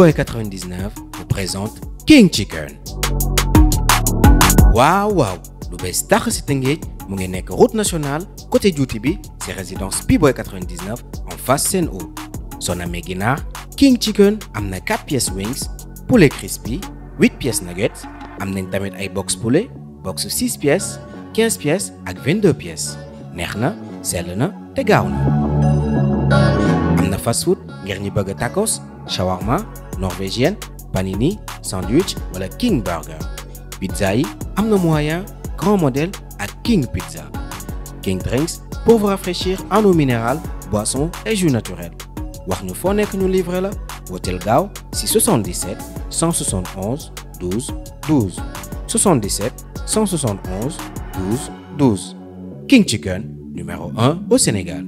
Boy99 vous présente King Chicken waaw waaw lu bees tax si Tëngéej mu ngi nekk route nationale côté juuti bi si résidence P-Boy99 en face seen soo namee ginaar King Chicken am na 4 pièces wings poulet crispy 8 pièces nuggets am na tamit ay box poulet box 6 pièces 15 pièces ak 22 pièces neex na sell na te gaaw na fast food ngir ñi bëgg tacos shawarma norvégienne panini sandwich wala king burger pizza yi am na moyen grand modèle ak king pizza king drinks pour vous rafraîchir en eau minérale boisson et jus naturel wax ñu foo nekk ñu livrer la wooteel gaaw si 77 171 12 12 77 171 12 12 King Chicken numéro au Sénégal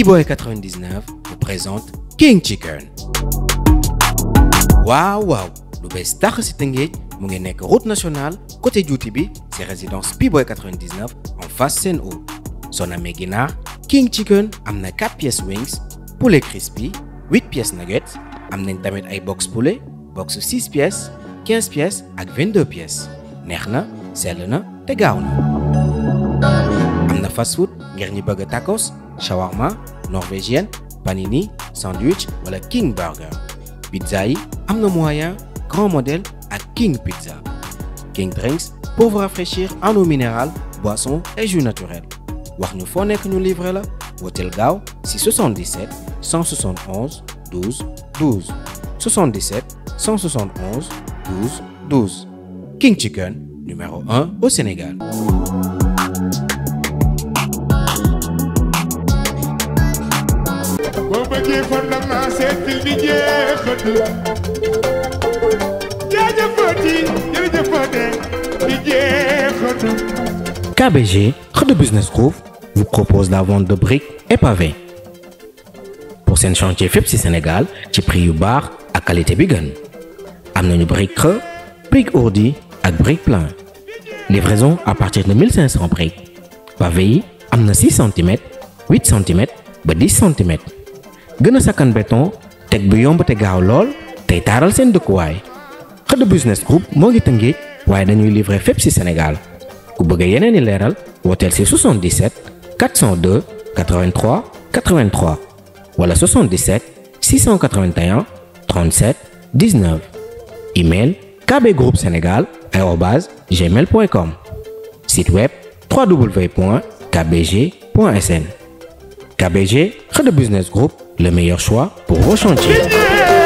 B-Boy 99 vous présente King Chicken waaw waaw lu bees tax si Tëngéej mu ngi nekk route nationale côté juuti bi si résidence B-Boy 99 en face Sen'Eau soo namee ginaar King Chicken am na 4 pièces wings poulet crispy 8 pièces nuggets am nañ tamit ay box poulet box 6 pièces 15 pièces ak 22 pièces neex na sell na te gaaw na wala fast food bëgg tacos shawarma norvégienne panini sandwich wala king burger pizza am na moyen grand modèle ak king pizza king drinks pour vous rafraîchir en eau boisson et jus naturel wax ñu foo nekk ñu livrer la wooteel gaaw si 77 171 12 12 77 171 12 12 King Chicken numéro au Sénégal boo bëggee far la ma seetil di jeexat jaajëfati jërëjëfate di Business Group, vous propose la vente de briques et pavés. Pour seen chantier fépp ci Sénégal ci prix yu baax ak qualité bi gën am nañu brique creux brique ourdi ak brique plein livraison à partir de 1500 briques pavé yi am na 6 centimètres 8 centimètres ba 10 centimètres gën a sakkan béton teg bu yomb te gaaw lool tey taaral seen dëkkuwaay xëdd business group moo ngi tëngéej waaye dañuy livrer fépp ci Sénégal ku bëgg yeneen i leeral wooteel ci 77 402 83 83 wala 77 681 37 19 email kbgroupesenegal@gmail.com site web www.kbg.sn kbg xëdd business group. le meilleur choix pour vos